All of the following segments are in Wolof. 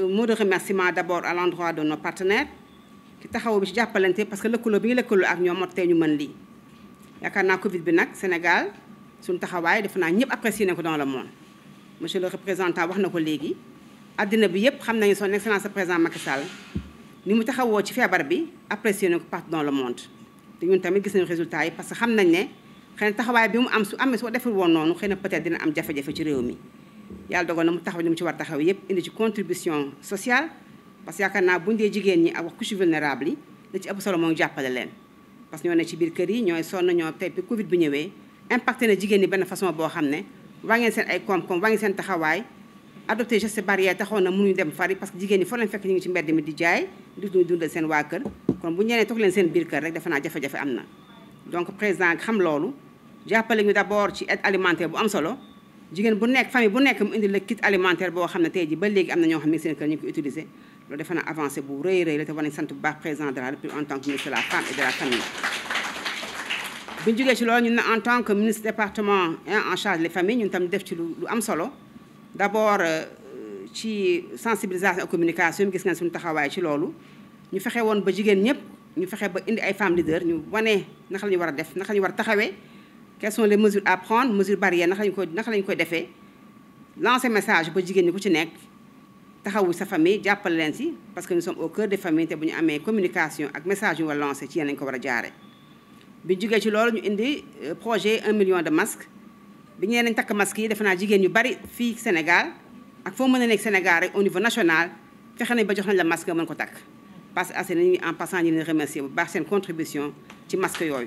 Euh, mot de remerciement d'abord à l'endroit de nos partenaires ci taxaw bi ci jàppalante parce que lëkkaloo bi ñu lëkkaloo ak ñoom mot tey ñu mën lii yaakaar naa Covid bi nag Sénégal suñu taxawaay defe naa ñëpp apprécié ko dans le monde monsieur le représentant wax na ko léegi àddina bi yëpp xam nañ son excellence président Macky Sall ni mu taxawoo ci feebar bi apprécié nañ ko partout dans le monde te ñun tamit gis nañu résultat yi parce que xam nañ ne xëy na taxawaay bi am su amee soo deful woon noonu xëy na peut-être dina am jafe ci réew mi yàlla dogal na mu taxaw ni mu ci war taxaw yëpp indi ci contribution sociale parce que yaakaar naa buñ dee jigéen ñi ak wax couche vulnérable yi la ci ëpp solo mooy jàppale leen parce que ñoo ne ci biir kër yi ñooy sonn ñoo tey bi covid ñëwee impacté na jigéen ñi benn façon boo xam ne waa ngeen seen ay koom-koom waa ngeen seen taxawaay adopté geste barrière taxoon na mënuñu dem fari parce que jigéen ñi foo leen fekk ñu ngi ci mbedd mi di jaay di seen kon bu ñenee toog leen seen biir kër rek defe naa am na donc président xam loolu jàppale ñu d'abord ci aide alimentaire bu am solo jigéen bu nekk famille bu nekk mu indi la kit alimentaire boo xam ne tey ji ba léegi am na ñoo xam ne seen kër ñu ko utiliser loolu defe naa avancé bu rëy rëy la te war nañ sant bu baax président de la famille bu ñu jógee ci loolu ñun ne en tant que ministre département en charge les familles ñun tam def ci lu lu am solo d'abord euh, ci sensibilisation communication gis nga suñu taxawaay ci loolu ñu fexe woon ba jigéen ñëpp ñu fexe ba indi ay femmes leaders ñu wane naka la war a def naka la ñu war a taxawee quelles sont les mesures à prendre mesures barrières naka lañ koy naka lañ koy defee lancer message ba jigéen ñi ku ci nekk taxawu sa fami jàppale leen si parce que nous sommes au cœur des familles te bu ñu amee communication ak message yu war lancer ci yéen lañ ko war a jaare bi jógee ci loolu ñu indi euh, projet 1 million de masques bi ñu nee nañ takk masques yi defe naa jigéen ñu bari fii Sénégal ak foo mën a nekk Sénégal rek au niveau national fexe nañ ba jox nañ la masque mën ko takk parce que assez nañu en passant ñu leen bu baax seen contribution ci masque yooyu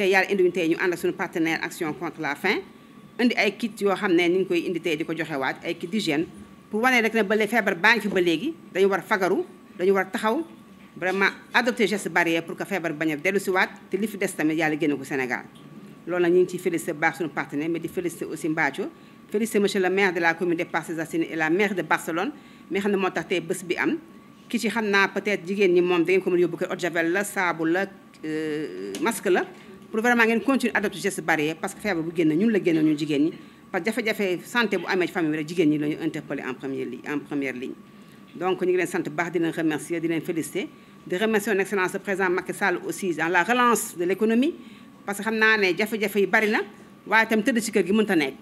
te yàlla indiwuñu tey ñu ànd ak suñu partenaire action contre la faim indi ay kit yoo xam ne ni ñu koy indi tey di ko joxewaat ay kit d'hygiène pour wane rek ne ba léegi feebar baa ngi fi ba léegi dañu war a fagaru dañu war a taxaw vraiment adopter geste barrière pour que feebar bañ a dellusiwaat te li fi des tamit yàlla génn ko Sénégal loolu nag ñu ngi ciy félicité baax suñu partenaire mais di félicité aussi Mbathio félicité monsieur le maire de la commune de Parcelles Assainies et la maire de Barcelone mi xam moo tax tey bés bi am ki xam naa peut-être jigéen ñi moom da ko mën yóbbu kër eau de javel la saabu la euh, pour vraiment ngeen continuer adopté geste barrière parce que feebar bu génn ñun la génnoon ñu jigéen ñi parce que jafe-jafe santé bu amee famille rek jigéen ñi la interpellé en première ligne en première ligne donc ñu ngi leen sant baax di leen remercier di leen féliciter di remercier son excellence le président Macky Sall aussi la relance de l'économie parce que xam naa ne jafe-jafe yi bari na waaye itam tëdd ci kër gi mënut a nekk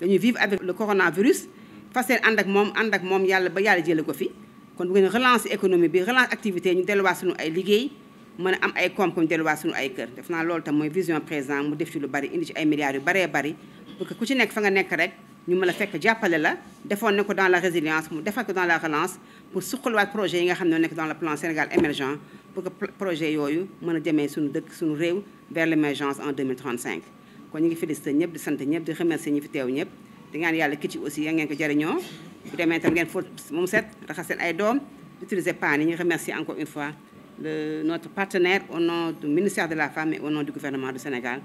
dañuy vivre avec le coronavirus fas yéene ànd ak moom ànd ak yàlla ba yàlla ko fi kon bu ngeen relance économie bi relance activité ñu delluwaat suñu ay liggéey mën a am ay koom-koom delluwaat suñu ay kër def naa loolu tam mooy vision président mu def ci lu bari indi ci ay milliards yu baree bari pour que ku ci nekk fa nga nekk rek ñu mën a fekk jàppale la defoon na ko dans la résilience mu defal ko dans la relance pour suqaliwaat projet yi nga xam ne nekk dans le plan Sénégal émergent pour que projet yooyu mën a demee suñu dëkk suñu réew vers l' émergence en 2035 kon ñu ngi félicité ñëpp di sant ñëpp di remercier ñi fi teew ñëpp di ñaan yàlla ki ci aussi ñu remercier encore une fois le, notre partenaire au nom du ministère de la Femme et au nom du gouvernement du Sénégal.